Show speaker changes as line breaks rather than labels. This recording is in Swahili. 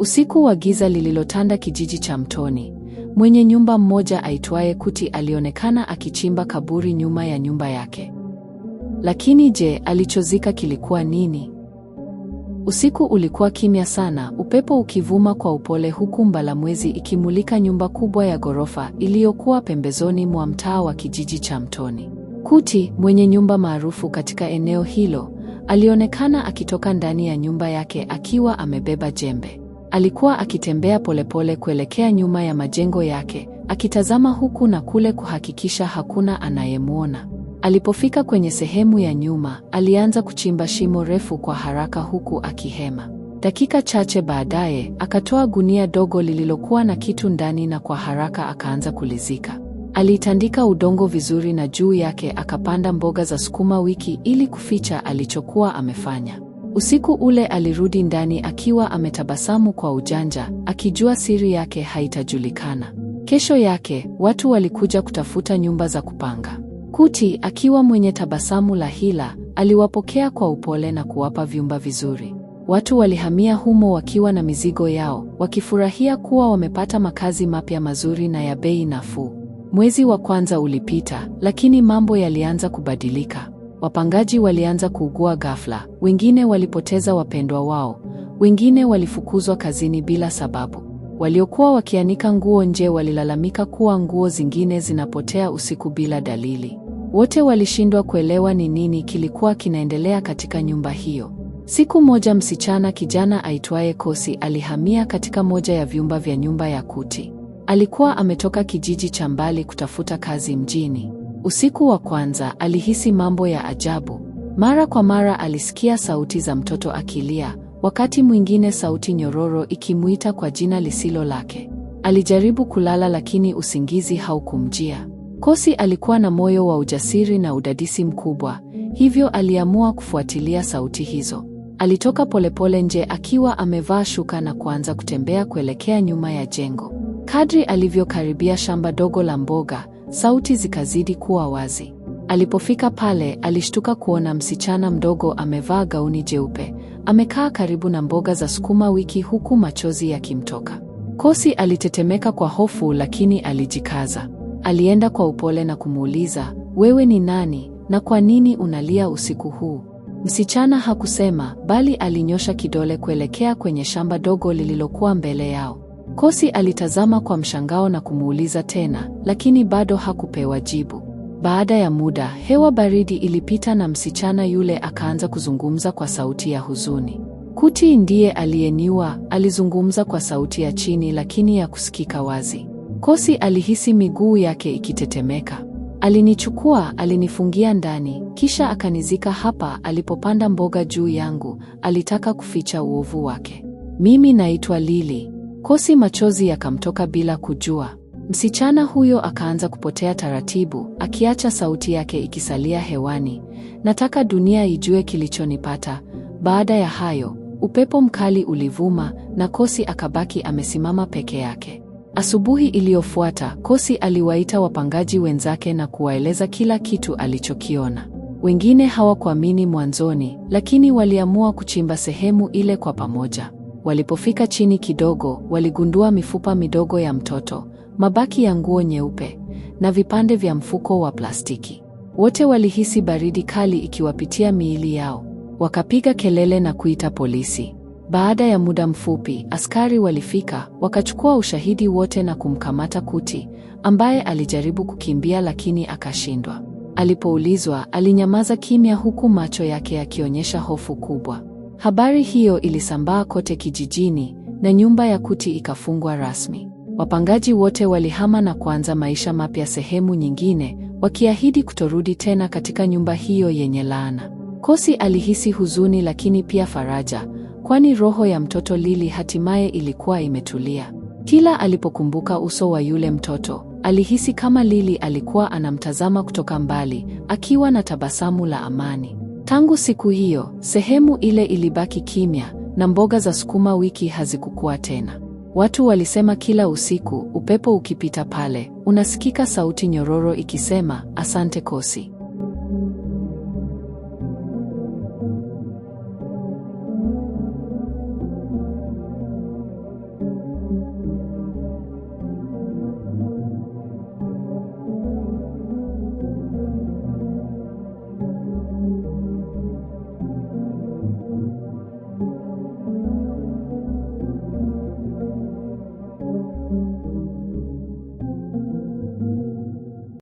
Usiku wa giza lililotanda kijiji cha Mtoni, mwenye nyumba mmoja aitwaye Kuti alionekana akichimba kaburi nyuma ya nyumba yake. Lakini je, alichozika kilikuwa nini? Usiku ulikuwa kimya sana, upepo ukivuma kwa upole huku mbalamwezi ikimulika nyumba kubwa ya ghorofa iliyokuwa pembezoni mwa mtaa wa kijiji cha Mtoni. Kuti, mwenye nyumba maarufu katika eneo hilo, alionekana akitoka ndani ya nyumba yake akiwa amebeba jembe. Alikuwa akitembea polepole kuelekea nyuma ya majengo yake, akitazama huku na kule kuhakikisha hakuna anayemwona. Alipofika kwenye sehemu ya nyuma, alianza kuchimba shimo refu kwa haraka huku akihema. Dakika chache baadaye, akatoa gunia dogo lililokuwa na kitu ndani na kwa haraka akaanza kulizika. Alitandika udongo vizuri na juu yake akapanda mboga za sukuma wiki ili kuficha alichokuwa amefanya. Usiku ule alirudi ndani akiwa ametabasamu kwa ujanja, akijua siri yake haitajulikana. Kesho yake watu walikuja kutafuta nyumba za kupanga. Kuti akiwa mwenye tabasamu la hila, aliwapokea kwa upole na kuwapa vyumba vizuri. Watu walihamia humo wakiwa na mizigo yao, wakifurahia kuwa wamepata makazi mapya mazuri na ya bei nafuu. Mwezi wa kwanza ulipita, lakini mambo yalianza kubadilika. Wapangaji walianza kuugua ghafla, wengine walipoteza wapendwa wao, wengine walifukuzwa kazini bila sababu. Waliokuwa wakianika nguo nje walilalamika kuwa nguo zingine zinapotea usiku bila dalili. Wote walishindwa kuelewa ni nini kilikuwa kinaendelea katika nyumba hiyo. Siku moja msichana kijana aitwaye Kosi alihamia katika moja ya vyumba vya nyumba ya Kuti. Alikuwa ametoka kijiji cha mbali kutafuta kazi mjini. Usiku wa kwanza alihisi mambo ya ajabu. Mara kwa mara alisikia sauti za mtoto akilia, wakati mwingine sauti nyororo ikimwita kwa jina lisilo lake. Alijaribu kulala lakini usingizi haukumjia. Kosi alikuwa na moyo wa ujasiri na udadisi mkubwa, hivyo aliamua kufuatilia sauti hizo. Alitoka polepole nje akiwa amevaa shuka na kuanza kutembea kuelekea nyuma ya jengo. Kadri alivyokaribia shamba dogo la mboga, Sauti zikazidi kuwa wazi. Alipofika pale, alishtuka kuona msichana mdogo amevaa gauni jeupe, amekaa karibu na mboga za sukuma wiki huku machozi yakimtoka. Kosi alitetemeka kwa hofu, lakini alijikaza. Alienda kwa upole na kumuuliza, wewe ni nani na kwa nini unalia usiku huu? Msichana hakusema, bali alinyosha kidole kuelekea kwenye shamba dogo lililokuwa mbele yao. Kosi alitazama kwa mshangao na kumuuliza tena, lakini bado hakupewa jibu. Baada ya muda, hewa baridi ilipita na msichana yule akaanza kuzungumza kwa sauti ya huzuni. Kuti ndiye aliyeniwa, alizungumza kwa sauti ya chini lakini ya kusikika wazi. Kosi alihisi miguu yake ikitetemeka. Alinichukua, alinifungia ndani, kisha akanizika hapa alipopanda mboga juu yangu, alitaka kuficha uovu wake. Mimi naitwa Lili. Kosi machozi yakamtoka bila kujua. Msichana huyo akaanza kupotea taratibu, akiacha sauti yake ikisalia hewani. Nataka dunia ijue kilichonipata. Baada ya hayo, upepo mkali ulivuma na Kosi akabaki amesimama peke yake. Asubuhi iliyofuata, Kosi aliwaita wapangaji wenzake na kuwaeleza kila kitu alichokiona. Wengine hawakuamini mwanzoni, lakini waliamua kuchimba sehemu ile kwa pamoja. Walipofika chini kidogo, waligundua mifupa midogo ya mtoto, mabaki ya nguo nyeupe na vipande vya mfuko wa plastiki. Wote walihisi baridi kali ikiwapitia miili yao. Wakapiga kelele na kuita polisi. Baada ya muda mfupi, askari walifika, wakachukua ushahidi wote na kumkamata Kuti, ambaye alijaribu kukimbia lakini akashindwa. Alipoulizwa, alinyamaza kimya huku macho yake yakionyesha hofu kubwa. Habari hiyo ilisambaa kote kijijini na nyumba ya Kuti ikafungwa rasmi. Wapangaji wote walihama na kuanza maisha mapya sehemu nyingine, wakiahidi kutorudi tena katika nyumba hiyo yenye laana. Kosi alihisi huzuni lakini pia faraja, kwani roho ya mtoto Lili hatimaye ilikuwa imetulia. Kila alipokumbuka uso wa yule mtoto, alihisi kama Lili alikuwa anamtazama kutoka mbali, akiwa na tabasamu la amani. Tangu siku hiyo, sehemu ile ilibaki kimya na mboga za sukuma wiki hazikukua tena. Watu walisema kila usiku, upepo ukipita pale, unasikika sauti nyororo ikisema, asante Kosi.